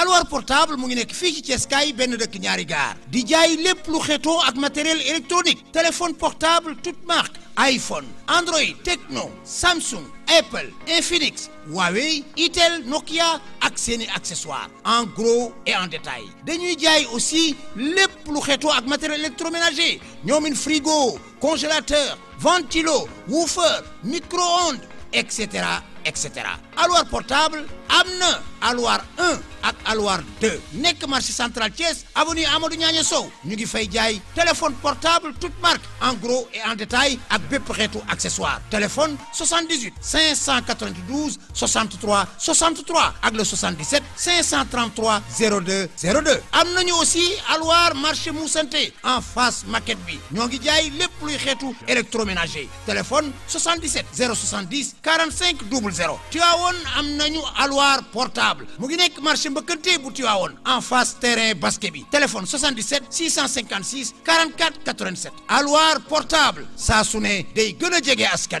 alors portable mu ngi nek fi ci Thiès kaay ben nous ñaari di jaay lu matériel électronique téléphone portable toute marque iPhone Android Techno, Samsung Apple Infinix Huawei Itel Nokia ak accessoires en gros et en détail dañuy jaay aussi lepp lu xetoo ak matériel électroménager frigo congélateur ventilo woofer micro-ondes etc etc Aloir portable amna Alouar 1 et Aloir 2 Nek marché central Thiès avenue Amadou Niagne Sow téléphone portable toute marque en gros et en détail avec des xeetu accessoire téléphone 78 592 63 63 et le 77 533 02 02 am aussi Aloir marché Moussanté en face maquette bi ñoo ngi jaay électroménager téléphone 77 070 45 double tu as un un alwaar portable mu ngi nekk marché tu bu un en face terrain basket téléphone 77 656 44 87 Alloir portable Ça su des day de a jege askan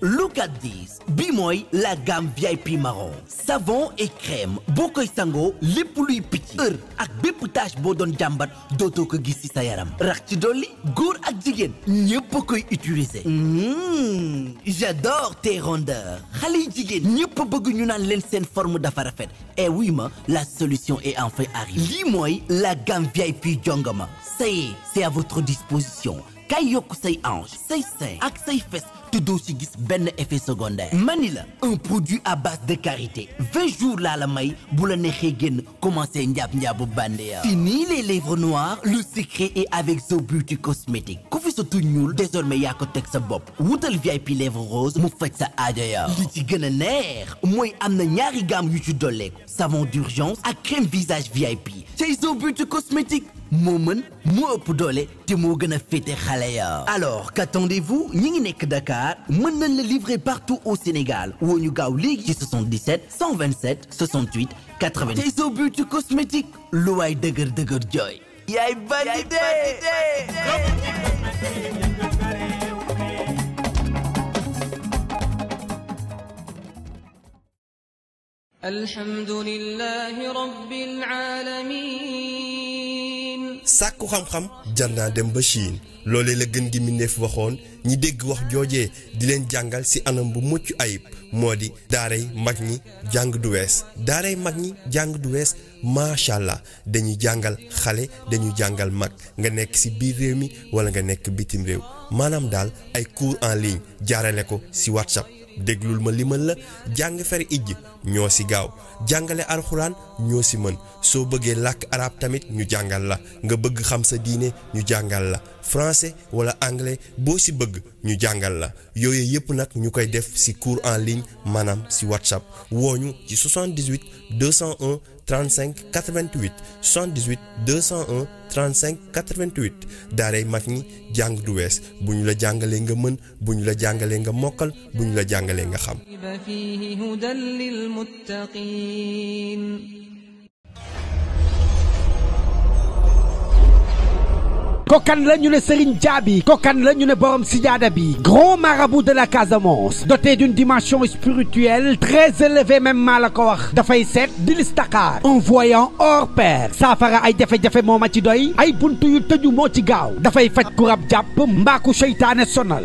look at this Bimoy, la gamme VIP marron savon et crème Boko sango sangoo lépp luy picc ak bépp tache boo doon jàmbat dootoo ko gis ci sa yaram rax ci dolli góor ak jigéen ñépp koy utiliser mmh. j'adore tes rondeurs Khali yi jigéen ñépp bëgg ñu naan forme dafa rafet et eh oui ma la solution est enfin arrivée lii la gamme VIP jongama ça y est c'est à votre disposition kay yokk say ange, say à ak say fesse le ci effet secondaire Manila, un produit à base de carité. 20 jours là la may pour la neexee commencez à njaab-njaabu fini les lèvres noires le secret est avec zobutu Beauty cosmétique ku fi sa désormais yaa ko texte sa bopp wutal VIP lèvres roses, mou fait sa aajo ça li ci gën a neex mooy am na ñaari gamme yu ci savon d'urgence à crème visage VIP C'est zobutu Beauty cosmétique moo moi moo ëpp doole te moo des a alors qu'attendez-vous ñi ngi nekk Dakar mën nañ la livrer partout au Sénégal woo ñu gaaw 77 127 68 80 tey soo beauty cosmétique lu waay dëgër dëgër Yay, yaay bandi de alhamdulillahi rabbil alamin sàkku xam-xam jar naa dem ba Chine loolee la gën gi mbindéef waxoon ñi dégg wax joojee di leen jàngal ci anam bu mucc ayib moo di daaray mag ñi jàng du wees daaray mag ñi jàng du wees macha allah dañuy jàngal xale dañuy jàngal mag nga nekk ci biir réew mi walla nga nekk bitim réew maanaam daal ay cours en ligne jaarale ko ci WhatsApp déglul ma limal la jàng fer ijj ñoo si gaaw jàngale alxuraan ñoo si mën soo bëggee làkk arab tamit ñu jàngal la nga bëgg xam sa diine ñu jàngal la français wala anglais boo si bëgg ñu jàngal la yooyu yëpp nag ñu koy def si cours en ligne maanaam si whatsapp wooñu ci 78 201 35 88 78 201 35 88 daaray mag ñi jàng du wees bu ñu la jàngalee nga mën bu ñu la jàngalee nga mokkal bu ñu la jàngalee nga xam. kokan la ñu né Serigne djabi, kokan la ñu né borom bi grand marabout de la Casamance doté d'une dimension spirituelle très élevée même maa la ko wax dafay un voyant hors pair Safara ay jafé jafé moma ci doy ay buntu yu tëju mo ci gaaw dafay faj ku rab jàpp mbaa ku sonal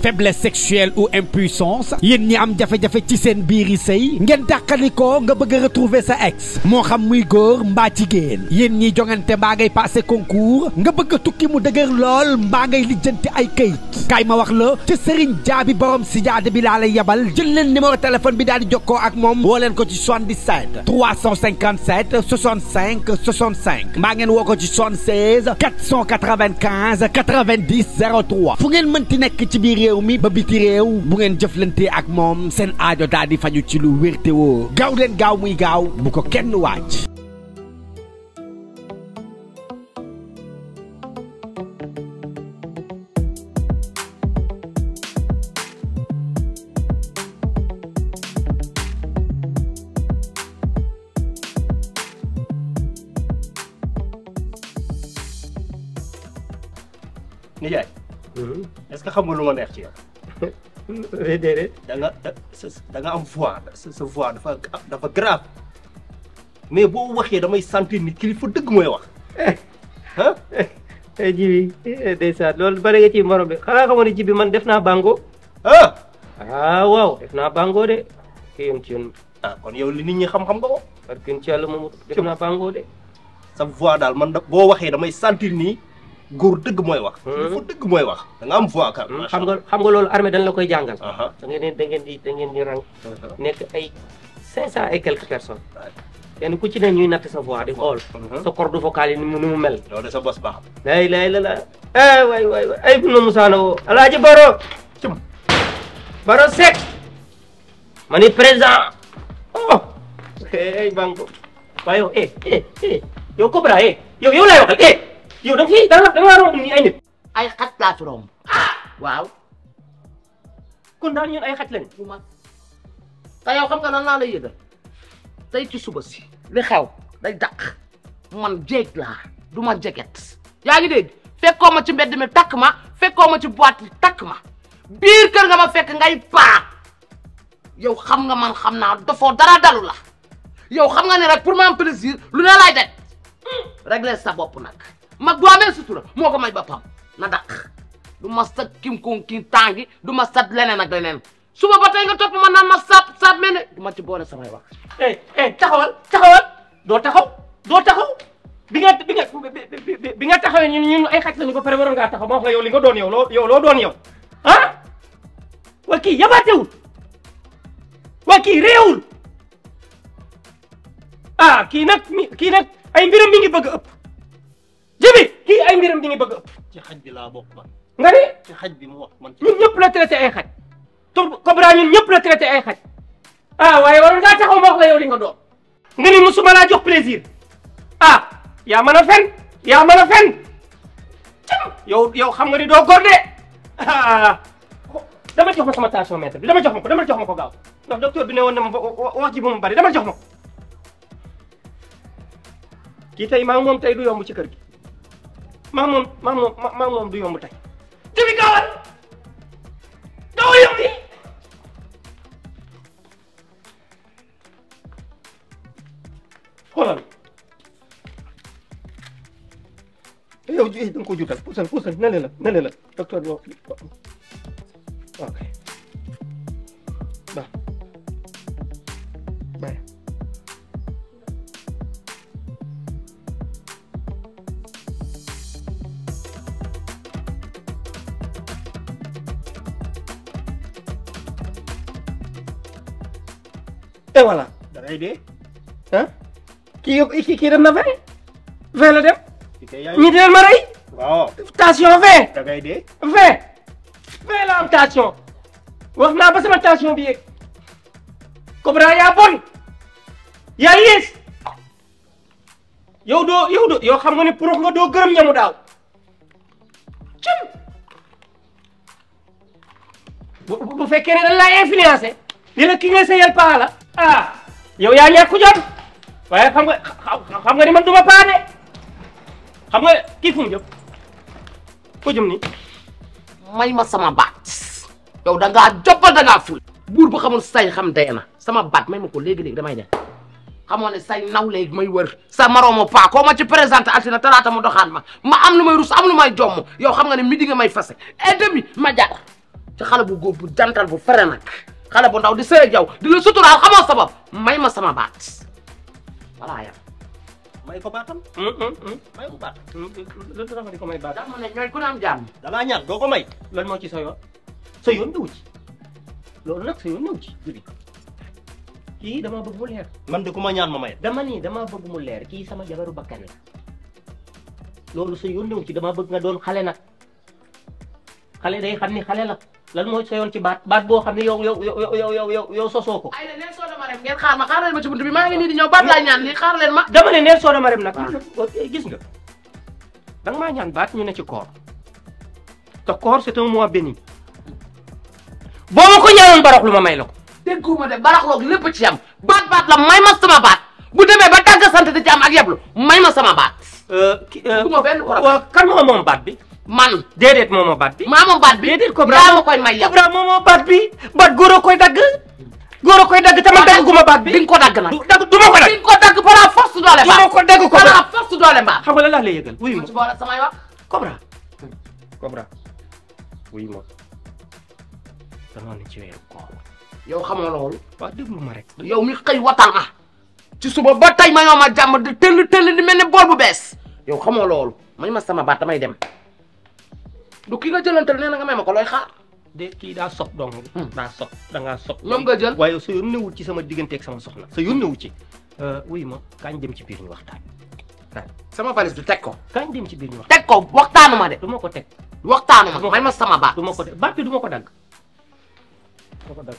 faiblesse sexuelle ou impuissance yeen ñi am jafe Tisenbiri ci sen biiri sey ngeen nga bëgg retrouver sa ex mo xam muy mba ci geen yeen ñi jongante ngay concours nga bëgg a tukki mu dëgër lool mbaa ngay lijjanti ay kayit kaay ma wax la ci Serigne Jaabi borom si jaade bi laa lay yebal jël leen numéro téléphone bi daal di jokkoo ak moom woo leen ko ci 77 357 65 65 mbaa ngeen woo ko ci 76 495 90 03 fu ngeen mënti nekk ci biir réew mi ba biti réew bu ngeen jëflante ak moom seen aajo daal di faju ci lu wér woo gaaw leen gaaw muy gaaw bu ko kenn waaj. est-ce que xam nga lu ma neex ci yow. déedéet. da nga da nga am voix sa voix dafa dafa grave mais boo waxee damay sentir ni kilifa dëgg mooy wax. ah. jibi ndeysaan loolu bari nga ci morom bi xanaa xamoon ne jibi man def bango. ah. ah waaw def naa bango de. kii yam ci yoon. ah kon yow li nit ñi xam-xam nga ko. parce que ci yàlla moom def bango de. sa voix daal man boo waxee damay sentir nii. góor dëgg mooy wax. kilifa dëgg mooy wax da nga am voix kan. Hmm? xam nga xam nga loolu armée dañ la koy jàngal. da ngeen da ngeen di da ngeen di rang. nekk ay cinq cent et quelques personnes. kenn ku ci ne ñuy natt sa voix di xool. sa corde vocale yi ni mu ni mu mel. sa bos baax na. lay lay la la eh waay waay waay ay Ibnu Moussa Ndao Alaaji Baro. cum Baro Seck. ma ni président. Oh. yow eh, eh, eh. eh. waxal eh. yow da nga fi da nga da nga romb nii ay nit. ay xaj laa fi romb. waaw. kon daal ñun ay xaj lañ. bu mag te yow xam nga lan laa lay yëgal tey ci suba si. li xew day dàq. man jéeg laa du ma jeget. yaa ngi dégg fekkoo ma ci mbedd mi takk ma fekkoo ma ci boîte bi takk ma biir kër nga ma fekk ngay paa yow xam nga man xam naa dafoo dara dalu la yow xam nga ne rek pour ma am plaisir lu ne lay def hmm. régler sa bopp nag. mag bu amee sutura moo ko may boppam na daq du ma sat kim kon ki tàngi du ma sat leneen ak leneen suba ba tey nga topp ma na ma sat saab mel ne du ma ci boole samay wax eh eh taxawal taxawal doo taxaw doo taxaw bi nga bi nga bi nga taxawee ñun ñun ay xaj lañu ko pare waroon ngaa taxaw ma wax la yow li nga doon yow loo yow doon yow ah waa kii yabaatewul waa kii réewul ah kii nag mi kii nag ay mbiram mi ngi bëgg ëpp ay mbirum ya, ya, di ngi bëgg ëpp. ci xaj bi la bokk ba nga ni. ci xaj bi mu wax man. ñun ñëpp la traité ay xaj. tur Cobra ñun ñëpp la traité ay xaj. ah waaye waroon nga taxaw ma wax la yow li nga do nga ni musuma laa jox plaisir. ah ya mën fen. ya mën fen. yow yow ya, xam nga ni do gor de. Ah. dama jox ma sama tension maître bi dama jox ma ko dama jox ma ko gaaw ndax docteur bi ne na wax ji bu mu bari dama jox ma ko. kii tey maa du yomb ci kër gi. maa moom maa moom maa moom du a nga ko juutal puusal puusal nale la nale ay dee. ah kii yëpp kii kii dem na vingt vingt la dem. ñu deel ma rey. waaw tension vingt. la am tension. wax naa ba sama tension bi yegg. Cobra yaa bon. yaa yées. yow doo yow doo yow xam nga ne pour nga doo gërëm ñamu daaw. cim bu bu fekkee ne dañ laa li la ki nga seyal paa la ah. yow yaa ñàkk jot waaye xam nga xam nga ni man duma paane nga kii fu mu jëm ni may ma sama baat yow danga ngaa jobal da ngaa ful buur bu xamul say xam dee na sama baat may ma ko léegi-léegi damay dem xamoo ne say naw léegi may wër sa maroomo paa koo ma ci présenté altina talaata mu doxaan ma ma am lu may rus am lu may jomm yow xam nga ne midi nga may fase et demi ma jaar ci xale bu góor bu jantal bu fere nag kala bu ndaw di sey jaw di la sutural xama sabab may ma sama bat, voilà yam may ko hmm may ko baat. lu tax nga di ko may bat dama ne ñooy ku nam jam dama ñaan doo ko may. lan mo ci sa yoon ndu ci lolu nak sa ndu ci dama bëgg mu leer. man de ñaan ma may. dama ni dama bëgg mu leer ki sama jabaru bakkan la loolu sa ci dama bëgg nga doon xalé nak xalé day xamni xalé la lan moy sa yoon ci bat bat bo xamni ne yow yow yow yow yow yow yow soso ko. ay la neen soo dama rem ngeen xaar ma xaar leen ma ci buntu bi ma ngi ni di ñëw bat la ñaan li xaar leen ma. dama ne neen soo dama rem nag. gis nga dang ma ñaan bat ñu ne ci koor te koor c'est un mois béni boo ko barax lu ma may la degguma de barax loog lepp ci am bat bat la may ma sama bat bu eh, deme ba tagga sante ci am ak yablu may ma sama baat. ki eh, ben ko wa kan mo mom bat bi man dedet momo baat bi maa moom baat bi déedéet Cobra yaa ma koy may yow bra momo baat bi baat góor koy dag goro koy dag tamen dag guma baat bi di ko dag nak dag duma ko dag bing ko dag par force dole ba du ma ko dagg Cobra par force dole ba xam nga la lay yegal wuy mo ci boole samay wax Cobra Cobra wuy mo damaa ni ci wer ko yow xam nga lol ba deglu ma rek yow mi xey watan ah ci suba ba tay ma ñoma ma jàmm di tëll tëll di mel bu bes yow xam nga lol may ma sama bat damay dem Duki aja jëlante nee na nga may ma ko looy dong. Hmm. daa sob da ngaa sob. loolu nga jël waaye sa yónnee sama diggante ak sama soxna sa yónnee wu ci. Hmm. Euh, wuy ma kañ dem ci nih ñu waxtaan. sama valise du teg ko. kañ dem ci biir ñu waxtaan. teg ko waxtaanu ma de. du ma ko teg. waxtaanu ma sama baat. du ma ko teg baat bi du ma ko dagg. du ma ko dagg.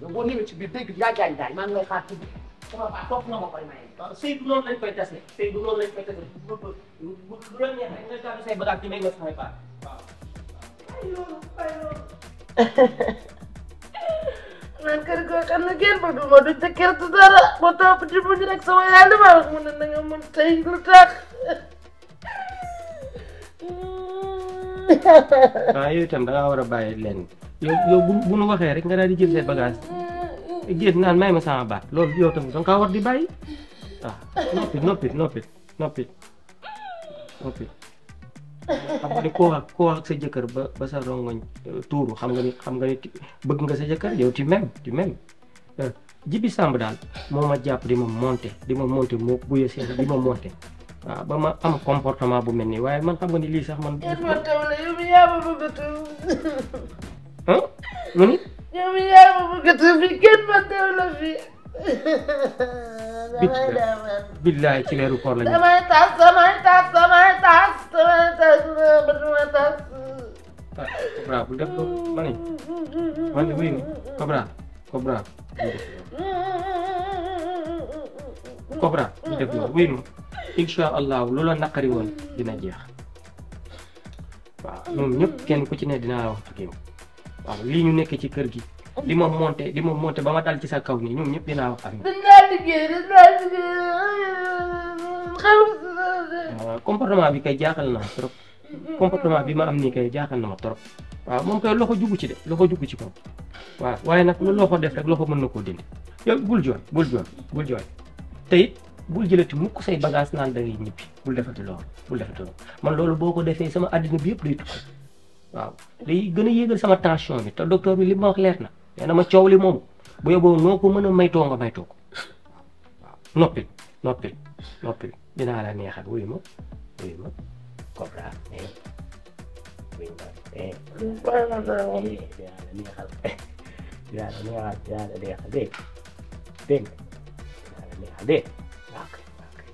donc boo ñëwee ci biir dégg yaa jaay daay maa ngi lay xaar tuuti. Bukan baat topp nga ma koy maye. waaw Seydou loolu lañ koy Nakar gua kan lagian padu madu cekir tuh dara Mau tau pencet pencetak sama yang ada malah menendang yang mencahin ledak waaw nah, yooyu itam da ngaa war a bàyyi lenn yow yow bu bu nu waxee di jël say bagage génn naan may ma sama baat loolu yow tam da nga di bayi. waaw ah, noppi noppi noppi noppi xam nga ni koo wax koo wax sa jëkkër ba ba sa rongoñ tuuru xam nga ni xam nga ni bëgg nga sa jëkkër yow tu même tu même jibi sàmb daal moo ma di ma monté di ma monté moo buye seen di ma monté waaw ah, ba ma am comportement bu mel nii waaye man xam nga ni lii sax man. yéen ya, ya, ya, ma taw la yow yaa ma bëgg a taw. lu ni. yow yaa ma bëgg a taw kenn ma taw la fii. damay ci weeru koor la damay tas damay tas. Kobra, budak tuh. Mana? Mana gue ini? Kobra. Kobra. Kobra, budak tuh. ini Insya Allah, lula nak dina jeex. di ñoom ñëpp kenn kian ci ne di ma monté di ma monté kecil kerja lima monte lima monte bawa tali ñëpp kau wax ak di dinaa liggéey dinaa liggéey xarum. comportement bi kay jaaxal na ma trop comportement bi ma am waaw moom kay loxo jugu ci de loxo jugu ci moom waaw waaye nag lu loxo def rek loxo mën na koo dindi yow gul joon bul jooy bul jooy te it bul jëlati mukk say bagage naan da ngay ñibbi bul defati loolu bul loolu man loolu boo ko defee sama àddina bi yëpp day tukki waaw day gën a yéegal sama tension bi te docteur bi li ma wax leer na ma coow li moom bu yeboo noo ko mën a maytoo nga maytoo ko noppil noppil noppil dinaa la neexal wuyu ma wuyu ma Cobra mais wuyu ma eh ba na na moom dinaa la neexal dinaa la la neexal dégg dégg la neexal dégg waaw kay waaw kay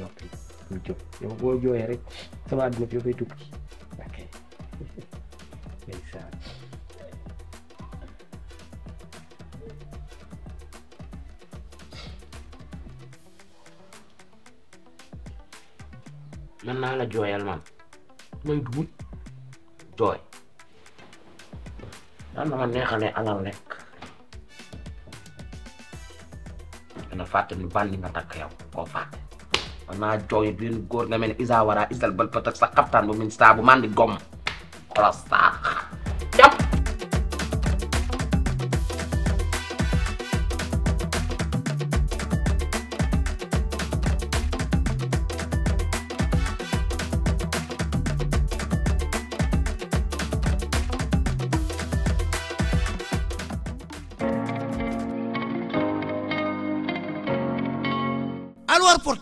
noppi ñu jóg yow boo jooyee rek sama àdduna bi dafay tukki ok ndeysaan naa la jooyal man may dugub jooy daan na ma neexalee alal lekk dana fàtte ni bandi nga takk yow koo fàtte man jooy benn góor nga mel ne Isa Wara isal bal patak sa xaptaan bu min saa mandi gom xolos saax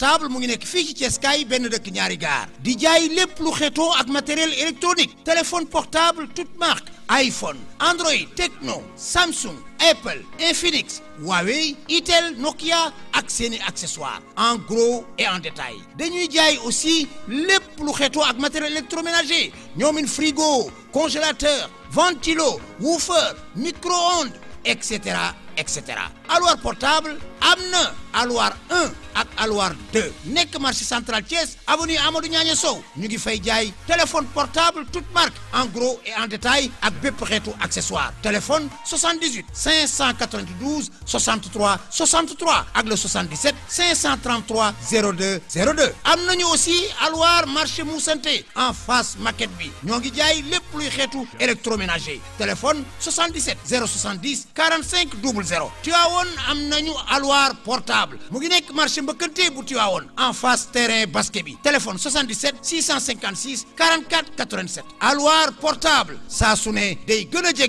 portable mu ngi nekk ci ñaari di jaay lépp lu xetoo ak matériel électronique téléphone portable toute marque iPhone Android Techno, Samsung Apple Infinix Huawei Itel Nokia ak accessoires en gros et en détail dañuy jaay aussi lépp lu xetoo ak matériel électroménager une frigo congélateur ventilo woofer micro-ondes etc etc alors portable Amna, aloir 1 ak aloir 2 Nek marché central Thiès avenue Amadou Niagne Sow fay jaay téléphone portable toute marque en gros et en détail ak près xeetu accessoire téléphone 78 592 63 63 ak le 77 533 02 02 Nous aussi aloir marché Moussanté en face maquette bi ñoo ngi jaay lépp luy électroménager téléphone 77 070 45 00 Tivaouane Nous nañu aloir portable Mouguinek nek marché mbëkkante bu en face terrain basket téléphone 77 656 44 87 Aloir portable Sasune, des ne day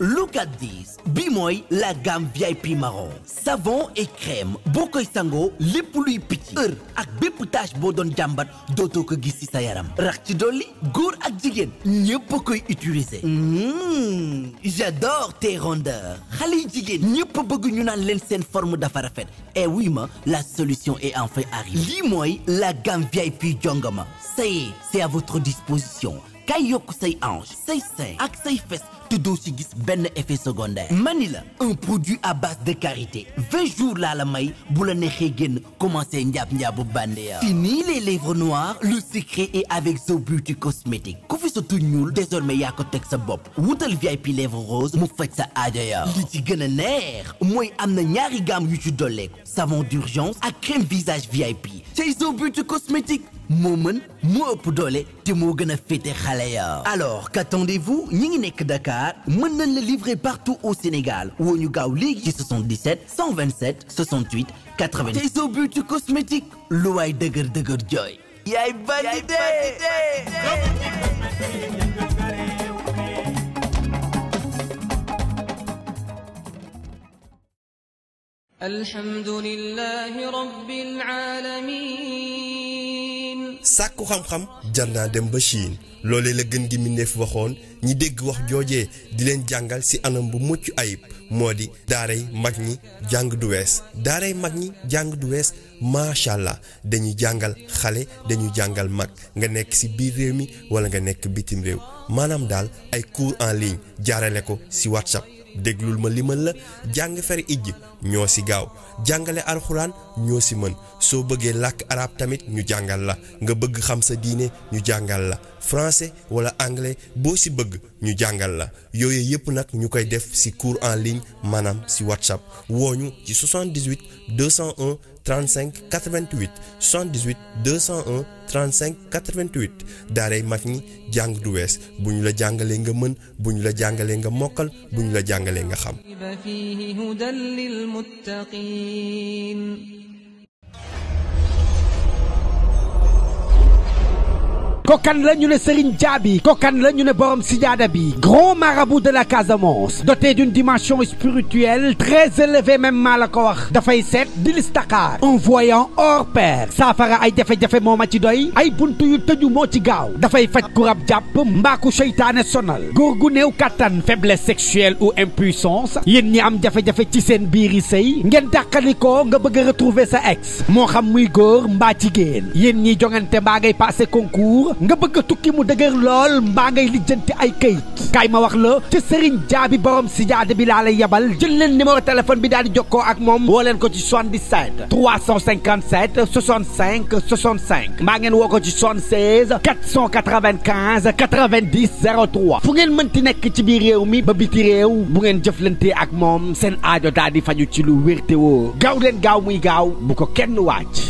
Look at this Bimoy, la gamme VIP marron savon et crème Boko koy sango, lépp luy picc heure ak bépp tache boo doon jàmbat dootoo ko gis ci sa yaram rax ci dolli góor ak utiliser mmh. j'adore tes rondeurs xale jigen, jigéen ñépp bëgg ñu naan forme dafa et eh oui ma la solution est enfin arrivée li la gamme VIP jongama ça y est c'est à votre disposition kay yokk say Ange, say say, ak say fesse te doo si gis ben effet secondaire Manila, un produit à base de karité 20 jours la la may bu la nexé guen commencer njaab-njaabu bande fini les lèvres noires le secret est avec Zo Beauty cosmétique ku fi sa désormais yaa ko teg sa bopp woutal VIP lèvres roses mu fecc sa aajo li ci gëna a neex mooy am ñaari gamme yu ci dolé savon d'urgence à crème visage VIP chez Zo Beauty cosmétique moment mën moo ëpp doole te mo gëna fété alors qu'attendez-vous ñi ngi nekk Dakar Dakar le nañ livrer partout au Sénégal Ou au gaaw League, 77 127 68 80 Des but du cosmétique l'Ouai de الحمد sàkku xam-xam jar naa dem ba Chine loolee la gën gi mbindéef waxoon ñi dégg wax joojee di leen jàngal ci anam bu mucc ayib moo di daaray mag ñi jàng du wees daaray mag ñi jàng du wees macha allah dañuy jàngal xale dañuy jàngal mag nga nekk ci biir réew mi wala nga nekk bitim réew maanaam daal ay cours en ligne jaarale ko ci WhatsApp déglul ma limal la jàng fer ijj ñoo si gaaw jàngale alxuraan ñoo si mën soo bëggee làkk arab tamit ñu jàngal la nga bëgg xam sa diine ñu jàngal la français wala anglais boo si bëgg ñu jàngal la yooyu yëpp nag ñu koy def si cours en ligne maanaam si whatsapp wooñu ci 78 201 35 88 78 201 35 88 daaray mag ñi jàng du wees bu ñu la jàngalee nga mën bu ñu la jàngalee nga mokkal bu ñu la jàngalee nga xam. kokan la ñu le Serigne djabi, kokan la ñu le borom sijaada bi grand marabout de la Casamance doté d'une dimension spirituelle très élevée même mal à ko wax dafay di un voyant hors pair Safara ay jafé jafé moma ci doy ay buntu yu tëju mo ci gaaw D'a sonal gorgu ou katan, faiblesse sexuelle ou impuissance Yenni ñi am jafé jafé ci sen biiri sey sëy nga bëgg retrouver sa ex mo xam muy mba ci geen yeen ñi jongante concours nga bëgg a tukki mu dëgër lool mbaa ngay lijjanti ay këyit kaay ma wax la ci Serigne Jaabi borom si jaada bi laa lay yebal jël leen numéro téléphone bi daal di jokkoo ak moom woo leen ko ci 77 357 65 65 mbaa ngeen woo ko ci 76 495 90 03 fu ngeen mënti nekk ci biir réew mi ba biti réew bu ngeen jëflante ak moom seen aajo daal di faju ci lu wér te woo gaaw leen gaaw muy gaaw bu ko kenn waaj